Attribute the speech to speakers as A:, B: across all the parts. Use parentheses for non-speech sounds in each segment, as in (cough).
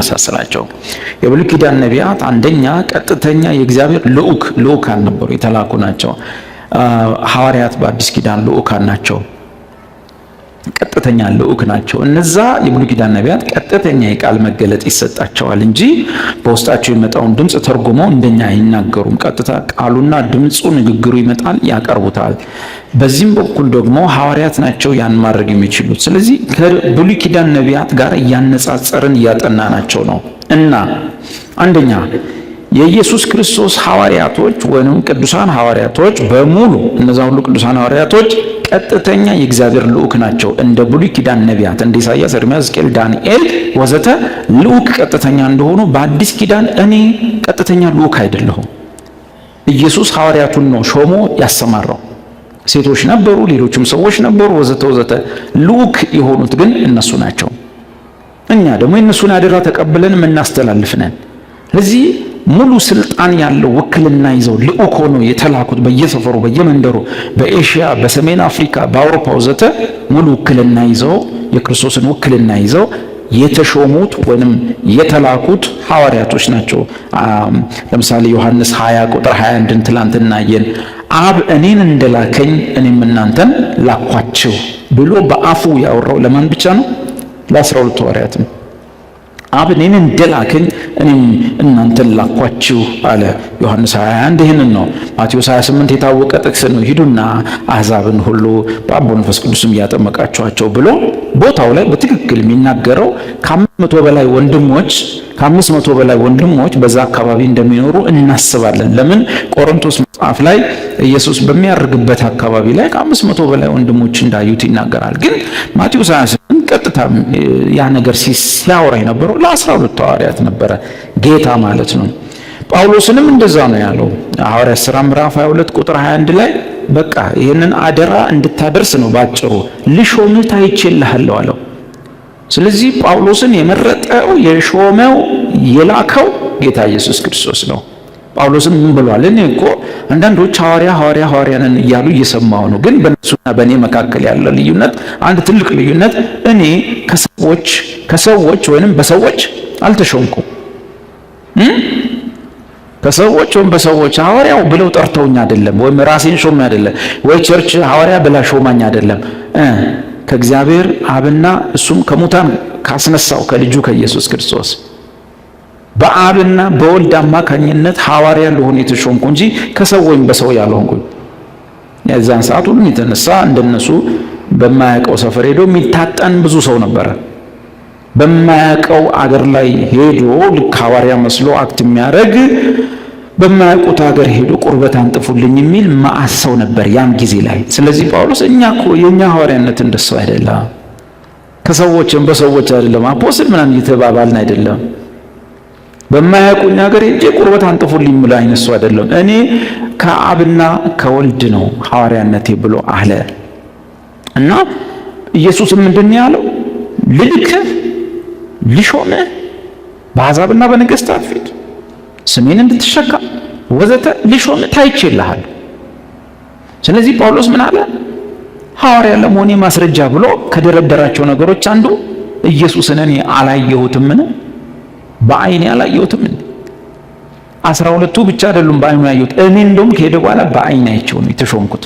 A: መሳሰላቸው የብሉይ ኪዳን ነቢያት አንደኛ ቀጥተኛ የእግዚአብሔር ልዑክ ልዑካን ነበሩ፣ የተላኩ ናቸው። ሐዋርያት በአዲስ ኪዳን ልዑካን ናቸው። ቀጥተኛ ልዑክ ናቸው። እነዛ የብሉይ ኪዳን ነቢያት ቀጥተኛ የቃል መገለጥ ይሰጣቸዋል እንጂ በውስጣቸው የመጣውን ድምፅ ተርጉሞ እንደኛ አይናገሩም። ቀጥታ ቃሉና ድምፁ ንግግሩ ይመጣል፣ ያቀርቡታል። በዚህም በኩል ደግሞ ሐዋርያት ናቸው ያን ማድረግ የሚችሉት። ስለዚህ ከብሉይ ኪዳን ነቢያት ጋር እያነጻጸርን እያጠናናቸው ነው እና አንደኛ የኢየሱስ ክርስቶስ ሐዋርያቶች ወይም ቅዱሳን ሐዋርያቶች በሙሉ እነዛ ሁሉ ቅዱሳን ሐዋርያቶች ቀጥተኛ የእግዚአብሔር ልዑክ ናቸው። እንደ ብሉይ ኪዳን ነቢያት እንደ ኢሳያስ፣ ኤርምያስ፣ ሕዝቅኤል፣ ዳንኤል ወዘተ ልዑክ ቀጥተኛ እንደሆኑ በአዲስ ኪዳን እኔ ቀጥተኛ ልዑክ አይደለሁም። ኢየሱስ ሐዋርያቱን ነው ሾሞ ያሰማራው። ሴቶች ነበሩ፣ ሌሎችም ሰዎች ነበሩ ወዘተ ወዘተ። ልዑክ የሆኑት ግን እነሱ ናቸው። እኛ ደግሞ የእነሱን አደራ ተቀብለን የምናስተላልፍ ነን። ለዚህ ሙሉ ስልጣን ያለው ውክልና ይዘው ልዑክ ሆነው የተላኩት በየሰፈሩ በየመንደሩ በኤሽያ በሰሜን አፍሪካ በአውሮፓ ወዘተ ሙሉ ውክልና ይዘው የክርስቶስን ውክልና ይዘው የተሾሙት ወይም የተላኩት ሐዋርያቶች ናቸው። ለምሳሌ ዮሐንስ 20 ቁጥር 21ን ትላንት እናየን። አብ እኔን እንደላከኝ እኔም እናንተን ላኳቸው ብሎ በአፉ ያወራው ለማን ብቻ ነው? ለአስራ ሁለቱ ሐዋርያት ነው። አብ እኔን እንደላከኝ እኔም እናንተን ላኳችሁ አለ። ዮሐንስ 21 ይህንን ነው። ማቴዎስ 28 የታወቀ ጥቅስ ነው። ሂዱና አሕዛብን ሁሉ በአብ መንፈስ ቅዱስም እያጠመቃችኋቸው ብሎ ቦታው ላይ በትክክል የሚናገረው ከአምስት መቶ በላይ ወንድሞች ከአምስት መቶ በላይ ወንድሞች በዛ አካባቢ እንደሚኖሩ እናስባለን። ለምን ቆሮንቶስ መጽሐፍ ላይ ኢየሱስ በሚያርግበት አካባቢ ላይ ከአምስት መቶ በላይ ወንድሞች እንዳዩት ይናገራል። ግን ማቴዎስ በቀጥታም ያ ነገር ሲያወራ የነበረው ለአስራ ሁለቱ ሐዋርያት ነበረ ጌታ ማለት ነው። ጳውሎስንም እንደዛ ነው ያለው ሐዋርያት ሥራ ምዕራፍ 22 ቁጥር 21 ላይ በቃ ይህንን አደራ እንድታደርስ ነው ባጭሩ። ልሾምህ ታይቼልሃለሁ አለው። ስለዚህ ጳውሎስን የመረጠው የሾመው የላከው ጌታ ኢየሱስ ክርስቶስ ነው። ጳውሎስም ምን ብሏል? እኔ እኮ አንዳንዶች ሐዋርያ ሐዋርያ ሐዋርያ ነን እያሉ እየሰማሁ ነው። ግን በእነሱና በእኔ መካከል ያለ ልዩነት አንድ ትልቅ ልዩነት፣ እኔ ከሰዎች ከሰዎች ወይንም በሰዎች አልተሾምኩም። ከሰዎች ወይም በሰዎች ሐዋርያው ብለው ጠርተውኝ አይደለም፣ ወይም ራሴን ሾም አይደለም፣ ወይ ቸርች ሐዋርያ ብላ ሾማኝ አይደለም። ከእግዚአብሔር አብና እሱም ከሙታን ካስነሳው ከልጁ ከኢየሱስ ክርስቶስ በአብና በወልድ አማካኝነት ሐዋርያ ልሆን የተሾምኩ እንጂ ከሰው ወይም በሰው ያልሆንኩኝ። የዛን ሰዓት ሁሉም የተነሳ እንደነሱ በማያውቀው ሰፈር ሄዶ የሚታጠን ብዙ ሰው ነበረ። በማያውቀው አገር ላይ ሄዶ ልክ ሐዋርያ መስሎ አክት የሚያደርግ በማያውቁት ሀገር ሄዶ ቁርበት አንጥፉልኝ የሚል መዓት ሰው ነበር ያን ጊዜ ላይ። ስለዚህ ጳውሎስ እኛ እኮ የእኛ ሐዋርያነት እንደሰው አይደለም፣ ከሰዎችም በሰዎች አይደለም፣ አፖስል ምናምን እየተባባልን አይደለም በማያውቁኝ ሀገር እንጂ ቁርበት አንጥፉልኝ ብሎ አይነሱ አይደለም። እኔ ከአብና ከወልድ ነው ሐዋርያነቴ ብሎ አለ እና ኢየሱስም ምንድን ያለው ልልክ ልሾምህ በአሕዛብና በነገሥታት ፊት ስሜን እንድትሸካ ወዘተ ልሾምህ ታይቼልሃል። ስለዚህ ጳውሎስ ምን አለ? ሐዋርያ ለመሆኔ ማስረጃ ብሎ ከደረደራቸው ነገሮች አንዱ ኢየሱስን እኔ አላየሁትምን? በአይኔ አላየሁትም አስራ ሁለቱ ብቻ አይደሉም በአይኑ ያየሁት እኔ እንደውም ከሄደ በኋላ በአይን አይቼው ነው የተሾምኩት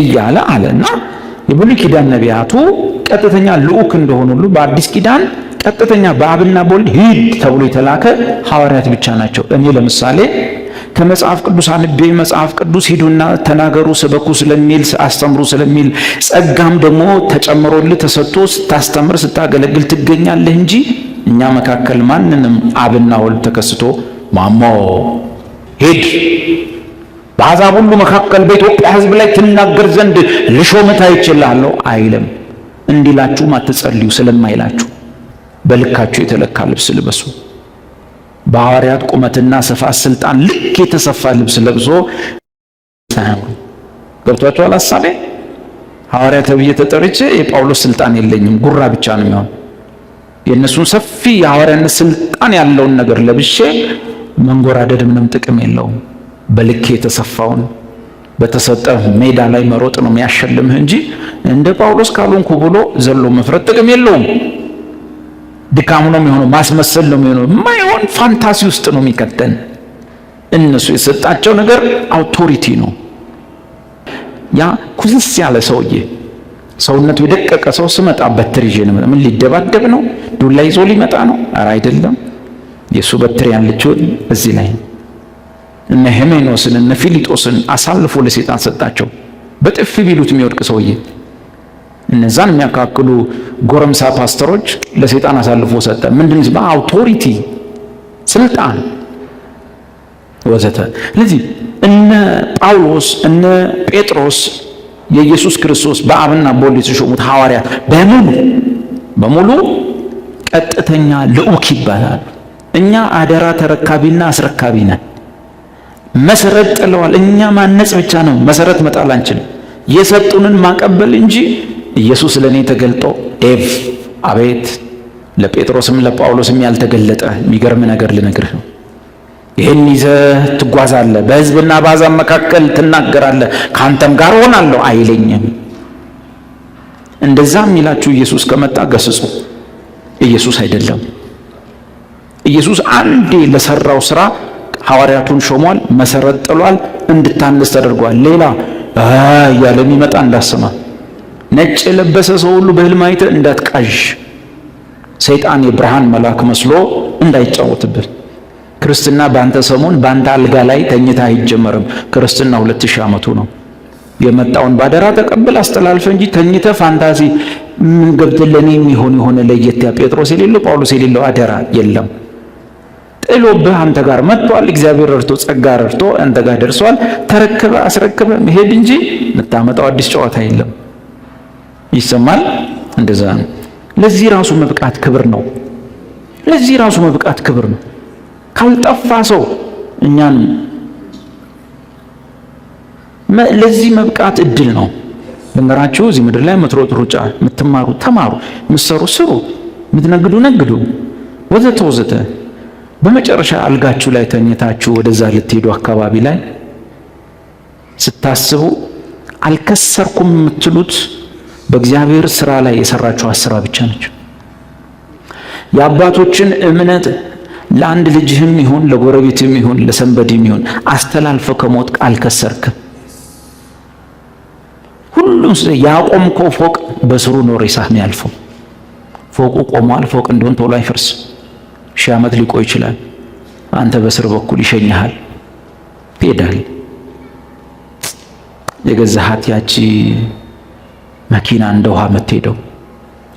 A: እያለ አለና የብሉይ ኪዳን ነቢያቱ ቀጥተኛ ልዑክ እንደሆኑ ሁሉ በአዲስ ኪዳን ቀጥተኛ በአብና በወልድ ሂድ ተብሎ የተላከ ሐዋርያት ብቻ ናቸው። እኔ ለምሳሌ ከመጽሐፍ ቅዱስ አንቤ መጽሐፍ ቅዱስ ሂዱና ተናገሩ፣ ስበኩ ስለሚል አስተምሩ ስለሚል ጸጋም ደግሞ ተጨምሮልህ ተሰጥቶ ስታስተምር ስታገለግል ትገኛለህ እንጂ እኛ መካከል ማንንም አብና ወልድ ተከስቶ ማሞ ሂድ በአሕዛብ ሁሉ መካከል በኢትዮጵያ ሕዝብ ላይ ትናገር ዘንድ ልሾምታ ታይችላለሁ አይልም። እንዲላችሁም አትጸልዩ ስለማይላችሁ በልካችሁ የተለካ ልብስ ልበሱ። በሐዋርያት ቁመትና ስፋት ስልጣን ልክ የተሰፋ ልብስ ለብሶ ሳያምሩ ገብቷችኋል ሀሳቤ ሐዋርያ ተብዬ ተጠርቼ የጳውሎስ ስልጣን የለኝም ጉራ ብቻ ነው የሚሆን የእነሱን ሰፊ የሐዋርያነት ስልጣን ያለውን ነገር ለብሼ መንጎራደድ ምንም ጥቅም የለውም። በልክ የተሰፋውን በተሰጠ ሜዳ ላይ መሮጥ ነው የሚያሸልምህ እንጂ እንደ ጳውሎስ ካልሆንኩ ብሎ ዘሎ መፍረት ጥቅም የለውም። ድካሙ ነው የሚሆነው፣ ማስመሰል ነው የሚሆነው። የማይሆን ፋንታሲ ውስጥ ነው የሚከተን። እነሱ የሰጣቸው ነገር አውቶሪቲ ነው። ያ ኩስስ ያለ ሰውዬ ሰውነቱ የደቀቀ ሰው ስመጣ በትር ይዤ ነው። ምን ሊደባደብ ነው? ዱላ ይዞ ሊመጣ ነው? አረ አይደለም። የእሱ በትር ያን እዚህ ላይ እነ ሄሜኖስን እነ ፊሊጦስን አሳልፎ ለሴጣን ሰጣቸው። በጥፊ ቢሉት የሚወድቅ ሰውዬ እነዛን የሚያካክሉ ጎረምሳ ፓስተሮች ለሴጣን አሳልፎ ሰጠ። ምንድን በአውቶሪቲ ስልጣን ወዘተ። ስለዚህ እነ ጳውሎስ እነ ጴጥሮስ የኢየሱስ ክርስቶስ በአብና በወልድ የተሾሙት ሐዋርያት በሙሉ በሙሉ ቀጥተኛ ልዑክ ይባላሉ። እኛ አደራ ተረካቢና አስረካቢ ነን። መሰረት ጥለዋል። እኛ ማነጽ ብቻ ነው፣ መሰረት መጣል አንችልም። የሰጡንን ማቀበል እንጂ ኢየሱስ ለእኔ ተገልጦ ኤቭ አቤት ለጴጥሮስም ለጳውሎስም ያልተገለጠ የሚገርም ነገር ልነግርህ ነው። ይህን ይዘህ ትጓዛለህ፣ በህዝብና በአሕዛብ መካከል ትናገራለህ፣ ከአንተም ጋር እሆናለሁ አይለኝም። እንደዛ የሚላችሁ ኢየሱስ ከመጣ ገስጹ። ኢየሱስ አይደለም። ኢየሱስ አንዴ ለሰራው ስራ ሐዋርያቱን ሾሟል፣ መሰረት ጥሏል፣ እንድታንስ ተደርጓል። ሌላ እያለ የሚመጣ እንዳሰማ ነጭ የለበሰ ሰው ሁሉ በህልም አይተህ እንዳትቃዥ፣ ሰይጣን የብርሃን መልአክ መስሎ እንዳይጫወትብን ክርስትና ባንተ ሰሞን ባንተ አልጋ ላይ ተኝታ አይጀመርም። ክርስትና 2000 ሺህ ዓመቱ ነው። የመጣውን ባደራ ተቀብል አስተላልፈ እንጂ ተኝተ ፋንታሲ ምን ገብተህ ለእኔ የሚሆን የሆነ ለየት ያ ጴጥሮስ የሌለው ጳውሎስ የሌለው አደራ የለም። ጥሎብህ አንተ ጋር መጥቷል። እግዚአብሔር እርቶ ጸጋ እርቶ አንተ ጋር ደርሷል። ተረክበ አስረክበ መሄድ እንጂ የምታመጣው አዲስ ጨዋታ የለም። ይሰማል። እንደዛ ነው። ለዚህ ራሱ መብቃት ክብር ነው። ለዚህ ራሱ መብቃት ክብር ነው። ካልጠፋ ሰው እኛን ለዚህ መብቃት እድል ነው። በነገራችሁ እዚህ ምድር ላይ የምትሮጡ ሩጫ፣ የምትማሩ ተማሩ፣ የምትሰሩ ስሩ፣ የምትነግዱ ነግዱ፣ ወዘተ ወዘተ። በመጨረሻ አልጋችሁ ላይ ተኝታችሁ ወደዛ ልትሄዱ አካባቢ ላይ ስታስቡ አልከሰርኩም የምትሉት በእግዚአብሔር ስራ ላይ የሰራችሁ ስራ ብቻ ነች። የአባቶችን እምነት ለአንድ ልጅህም ይሁን ለጎረቤትም ይሁን ለሰንበድም ይሁን አስተላልፈ ከሞት አልከሰርክም። ሁሉም ያቆምከው ፎቅ በስሩ ነው ሬሳ ያልፈው ፎቁ ቆሟል። ፎቅ እንደሆን ቶሎ አይፈርስ፣ ሺህ ዓመት ሊቆይ ይችላል። አንተ በስር በኩል ይሸኝሃል፣ ትሄዳል። የገዛሃት ያቺ መኪና እንደ ውሃ የምትሄደው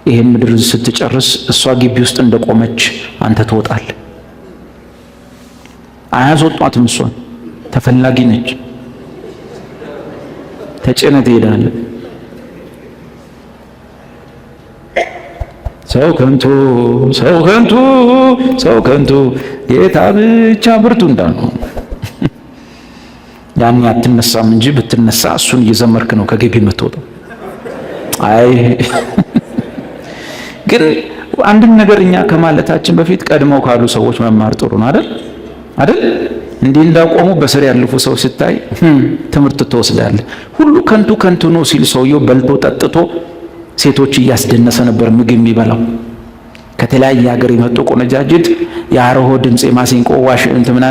A: ይህን ምድር ስትጨርስ እሷ ግቢ ውስጥ እንደቆመች አንተ ትወጣል። አያስወጧትም። እሷን ተፈላጊ ነች። ተጭነ ትሄዳለ። ሰው ከንቱ፣ ሰው ከንቱ፣ ሰው ከንቱ፣ ጌታ ብቻ ብርቱ እንዳሉ (laughs) ያኔ አትነሳም እንጂ ብትነሳ እሱን እየዘመርክ ነው ከግቢ የምትወጣው። አይ (laughs) ግን አንድን ነገር እኛ ከማለታችን በፊት ቀድመው ካሉ ሰዎች መማር ጥሩ ነው አይደል? አይደል? እንዲህ እንዳቆሙ በስር ያለፉ ሰው ስታይ ትምህርት ትወስዳለህ። ሁሉ ከንቱ ከንቱ ነው ሲል ሰውየው በልቶ ጠጥቶ ሴቶች እያስደነሰ ነበር ምግብ የሚበላው። ከተለያየ ሀገር የመጡ ቆነጃጅት የአረሆ ድምፅ የማሲንቆ ዋሽ እንትምና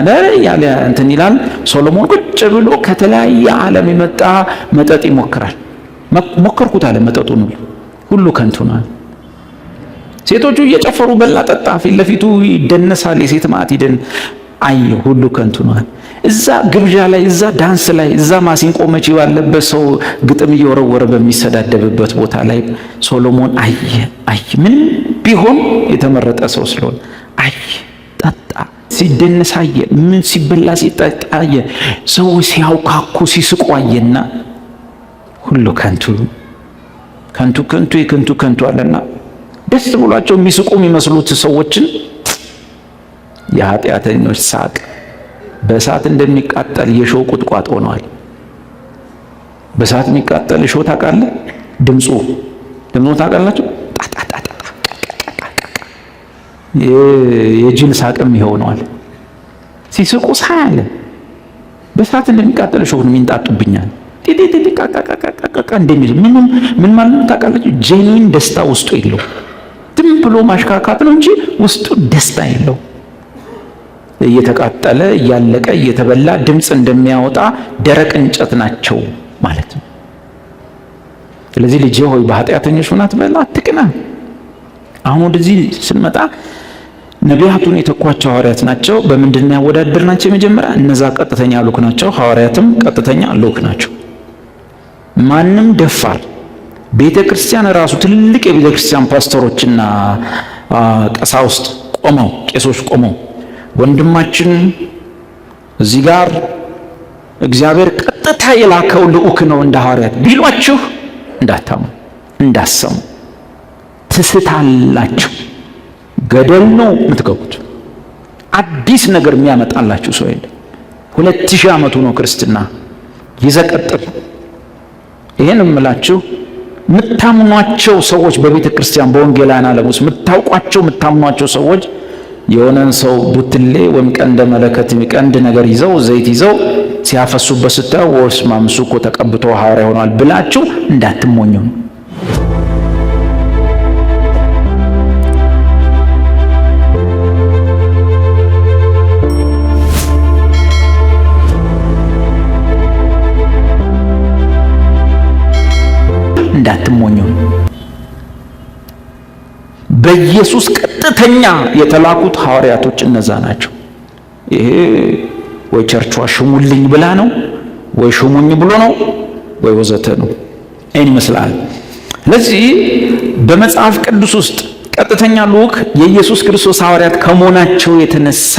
A: ያለ እንትን ይላል። ሶሎሞን ቁጭ ብሎ ከተለያየ ዓለም የመጣ መጠጥ ይሞክራል። ሞከርኩት አለ ነው ሁሉ ከንቱ ነው። ሴቶቹ እየጨፈሩ በላ ጠጣ፣ ፊት ለፊቱ ይደነሳል። የሴት ማት ይደን አየሁ ሁሉ ከንቱ ነው። እዛ ግብዣ ላይ እዛ ዳንስ ላይ እዛ ማሲንቆ መቺ ባለበት ሰው ግጥም እየወረወረ በሚሰዳደብበት ቦታ ላይ ሶሎሞን አየ አየ ምን ቢሆን የተመረጠ ሰው ስለሆነ አየ ጠጣ፣ ሲደነስ አየ፣ ምን ሲበላ ሲጠጣ አየ፣ ሰዎች ሲያውካኩ ሲስቁ አየና ሁሉ ከንቱ ከንቱ ከንቱ የከንቱ ከንቱ አለና ደስ ብሏቸው የሚስቁ የሚመስሉት ሰዎችን የኃጢአተኞች ሳቅ በእሳት እንደሚቃጠል የእሾህ ቁጥቋጦ ነዋል። በእሳት የሚቃጠል እሾህ ታውቃለህ? ድምፁ ድምፁ ታውቃላችሁ? የጅል ሳቅም ይሆነዋል። ሲስቁ ሳ ያለ በእሳት እንደሚቃጠል እሾህ ነው የሚንጣጡብኛል ቃቃቃቃቃቃ እንደሚል ምንም ምን ማለት ነው ታውቃላችሁ? ጄኒን ደስታ ውስጡ የለው። ዝም ብሎ ማሽካካት ነው እንጂ ውስጡ ደስታ የለው። እየተቃጠለ እያለቀ እየተበላ ድምፅ እንደሚያወጣ ደረቅ እንጨት ናቸው ማለት ነው። ስለዚህ ልጄ ሆይ በኃጢአተኞች ሆና ትበላ አትቅና። አሁን ወደዚህ ስንመጣ ነቢያቱን የተኳቸው ሐዋርያት ናቸው። በምንድን ነው ያወዳደር ናቸው? የመጀመሪያ እነዛ ቀጥተኛ ልኡክ ናቸው፣ ሐዋርያትም ቀጥተኛ ልኡክ ናቸው። ማንም ደፋር ቤተ ክርስቲያን ራሱ ትልልቅ የቤተ ክርስቲያን ፓስተሮችና ቀሳውስት ቆመው ቄሶች ቆመው ወንድማችን እዚህ ጋር እግዚአብሔር ቀጥታ የላከው ልዑክ ነው እንደ ሐዋርያት ቢሏችሁ እንዳታሙ እንዳሰሙ ትስታላችሁ። ገደል ነው የምትገቡት። አዲስ ነገር የሚያመጣላችሁ ሰው የለ። ሁለት ሺህ ዓመቱ ነው ክርስትና ይዘቀጥል። ይህን እምላችሁ የምታምኗቸው ሰዎች በቤተ ክርስቲያን በወንጌላውያን ዓለም ውስጥ የምታውቋቸው የምታምኗቸው ሰዎች የሆነን ሰው ቡትሌ ወይም ቀንደ መለከት ቀንድ ነገር ይዘው ዘይት ይዘው ሲያፈሱበት ስታዩ ወስማ እሱ እኮ ተቀብቶ ሐዋርያ ሆኗል ብላችሁ እንዳትሞኙ። እንዳትሞኙ በኢየሱስ ቀጥተኛ የተላኩት ሐዋርያቶች እነዛ ናቸው። ይሄ ወይ ቸርቿ ሽሙልኝ ብላ ነው ወይ ሽሙኝ ብሎ ነው ወይ ወዘተ ነው። ይህን ይመስላል። ስለዚህ በመጽሐፍ ቅዱስ ውስጥ ቀጥተኛ ልዑክ የኢየሱስ ክርስቶስ ሐዋርያት ከመሆናቸው የተነሳ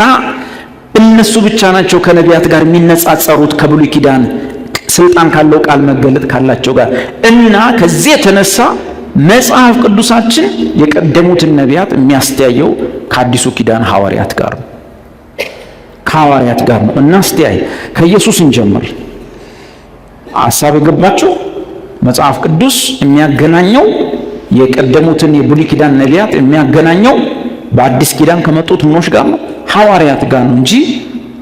A: እነሱ ብቻ ናቸው ከነቢያት ጋር የሚነጻጸሩት ከብሉይ ኪዳን ስልጣን ካለው ቃል መገለጥ ካላቸው ጋር እና ከዚህ የተነሳ መጽሐፍ ቅዱሳችን የቀደሙትን ነቢያት የሚያስተያየው ከአዲሱ ኪዳን ሐዋርያት ጋር ነው። ከሐዋርያት ጋር ነው እናስተያይ። ከኢየሱስ እንጀምር። ሀሳብ የገባቸው መጽሐፍ ቅዱስ የሚያገናኘው የቀደሙትን የብሉይ ኪዳን ነቢያት የሚያገናኘው በአዲስ ኪዳን ከመጡት ምኖች ጋር ነው ሐዋርያት ጋር ነው እንጂ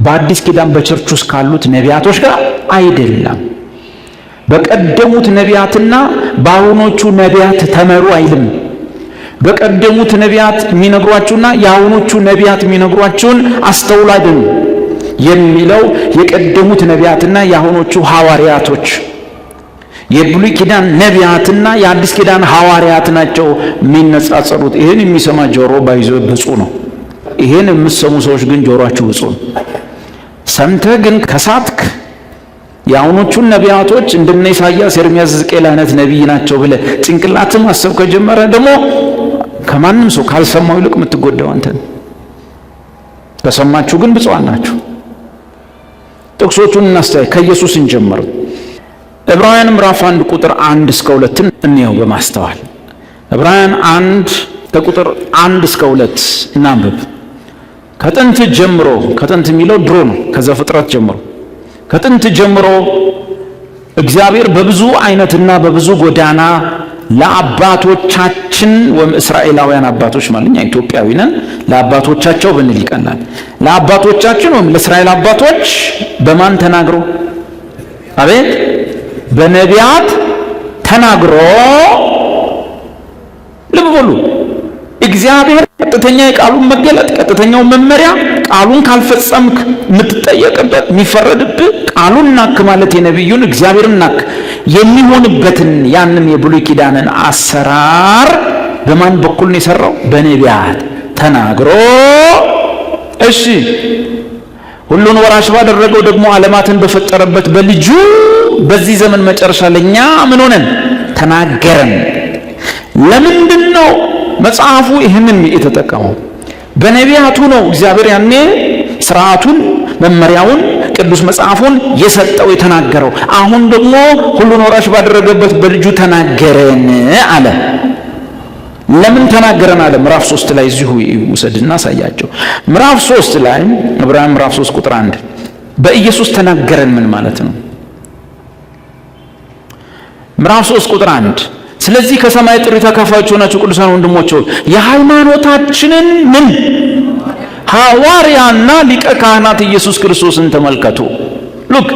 A: በአዲስ ኪዳን በቸርች ውስጥ ካሉት ነቢያቶች ጋር አይደለም። በቀደሙት ነቢያትና በአሁኖቹ ነቢያት ተመሩ አይልም። በቀደሙት ነቢያት የሚነግሯችሁና የአሁኖቹ ነቢያት የሚነግሯችሁን አስተውሉ የሚለው የቀደሙት ነቢያትና የአሁኖቹ ሐዋርያቶች የብሉይ ኪዳን ነቢያትና የአዲስ ኪዳን ሐዋርያት ናቸው የሚነጻጸሩት። ይህን የሚሰማ ጆሮ ባይዞ ብፁ ነው። ይህን የምትሰሙ ሰዎች ግን ጆሮአችሁ ብፁ ነው። ሰምተህ ግን ከሳትክ የአሁኖቹን ነቢያቶች እንደነ ኢሳያስ፣ ኤርሚያስ፣ ሕዝቅኤል አይነት ነቢይ ናቸው ብለህ ጭንቅላት ማሰብ ከጀመረ ደግሞ ከማንም ሰው ካልሰማው ይልቅ የምትጎዳው አንተን ከሰማችሁ ግን ብፁዓን ናችሁ። ጥቅሶቹን እናስተያይ። ከኢየሱስ እንጀምር። ዕብራውያን ምዕራፍ አንድ ቁጥር አንድ እስከ ሁለትን እንየው በማስተዋል ዕብራውያን አንድ ከቁጥር አንድ እስከ ሁለት እናንብብ። ከጥንት ጀምሮ ከጥንት የሚለው ድሮ ነው። ከዘፍጥረት ጀምሮ ከጥንት ጀምሮ እግዚአብሔር በብዙ አይነትና በብዙ ጎዳና ለአባቶቻችን ወም እስራኤላውያን አባቶች ማለኛ ኢትዮጵያዊ ነን ለአባቶቻቸው ብንል ይቀናል። ለአባቶቻችን ወይም ለእስራኤል አባቶች በማን ተናግሮ አቤት በነቢያት ተናግሮ ልብ በሉ እግዚአብሔር ቀጥተኛ የቃሉን መገለጥ ቀጥተኛውን መመሪያ ቃሉን ካልፈጸምክ የምትጠየቅበት የሚፈረድብህ ቃሉን ናክ ማለት የነቢዩን እግዚአብሔርን ናክ የሚሆንበትን ያንን የብሉይ ኪዳንን አሰራር በማን በኩል ነው የሰራው? በነቢያት ተናግሮ እሺ ሁሉን ወራሽ ባደረገው ደግሞ ዓለማትን በፈጠረበት በልጁ በዚህ ዘመን መጨረሻ ለኛ ምን ሆነን ተናገረን። ለምንድን ነው መጽሐፉ ይህንን የተጠቀመው? በነቢያቱ ነው እግዚአብሔር ያኔ ስርዓቱን መመሪያውን ቅዱስ መጽሐፉን የሰጠው የተናገረው። አሁን ደግሞ ሁሉን ወራሽ ባደረገበት በልጁ ተናገረን አለ። ለምን ተናገረን አለ? ምዕራፍ ሶስት ላይ እዚሁ ውሰድና አሳያቸው። ምዕራፍ ሶስት ላይ ዕብራውያን ምዕራፍ ሶስት ቁጥር አንድ በኢየሱስ ተናገረን ምን ማለት ነው? ምዕራፍ ሶስት ቁጥር አንድ ስለዚህ ከሰማይ ጥሪ ተካፋዮች የሆናችሁ ቅዱሳን ወንድሞች ሆይ የሃይማኖታችንን ምን ሐዋርያና ሊቀ ካህናት ኢየሱስ ክርስቶስን ተመልከቱ። ሉክ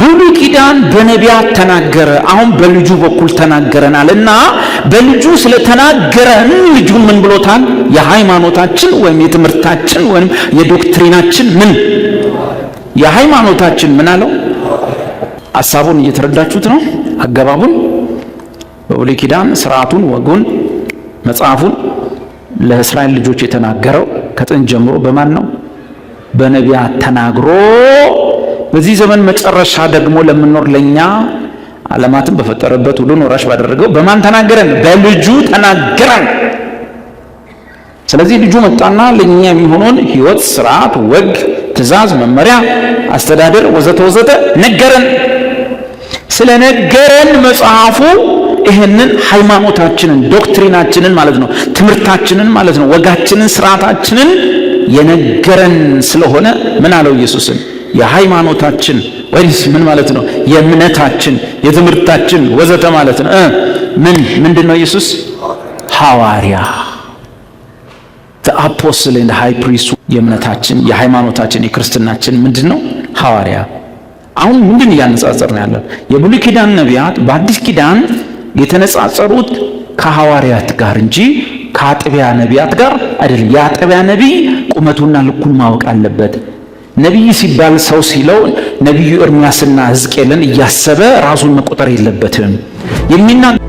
A: ብሉይ ኪዳን በነቢያት ተናገረ፣ አሁን በልጁ በኩል ተናገረናል እና በልጁ ስለተናገረን ልጁን ምን ብሎታል? የሃይማኖታችን ወይም የትምህርታችን ወይም የዶክትሪናችን ምን የሃይማኖታችን ምን አለው? ሀሳቡን እየተረዳችሁት ነው አገባቡን በብሉይ ኪዳን ስርዓቱን፣ ወጉን፣ መጽሐፉን ለእስራኤል ልጆች የተናገረው ከጥንት ጀምሮ በማን ነው? በነቢያት ተናግሮ በዚህ ዘመን መጨረሻ ደግሞ ለምኖር ለኛ ዓለማትን በፈጠረበት ሁሉን ወራሽ ባደረገው በማን ተናገረን? በልጁ ተናገረን። ስለዚህ ልጁ መጣና ለኛ የሚሆነውን ህይወት ስርዓት፣ ወግ፣ ትእዛዝ፣ መመሪያ፣ አስተዳደር ወዘተ ወዘተ ነገረን። ስለነገረን መጽሐፉ ይህንን ሃይማኖታችንን ዶክትሪናችንን ማለት ነው ትምህርታችንን ማለት ነው ወጋችንን ስርዓታችንን የነገረን ስለሆነ ምን አለው ኢየሱስን የሃይማኖታችን ወይስ ምን ማለት ነው የእምነታችን የትምህርታችን ወዘተ ማለት ነው ምን ምንድን ነው ኢየሱስ ሐዋርያ አፖስል እንደ ሃይ ፕሪስት የእምነታችን የሃይማኖታችን የክርስትናችን ምንድን ነው ሐዋርያ አሁን ምንድን እያነጻጸር ነው ያለን የብሉይ ኪዳን ነቢያት በአዲስ ኪዳን የተነጻጸሩት ከሐዋርያት ጋር እንጂ ከአጥቢያ ነቢያት ጋር አይደለም። የአጥቢያ ነቢይ ቁመቱና ልኩን ማወቅ አለበት። ነቢይ ሲባል ሰው ሲለው ነቢዩ ኤርምያስና ሕዝቅኤልን እያሰበ ራሱን መቆጠር የለበትም የሚና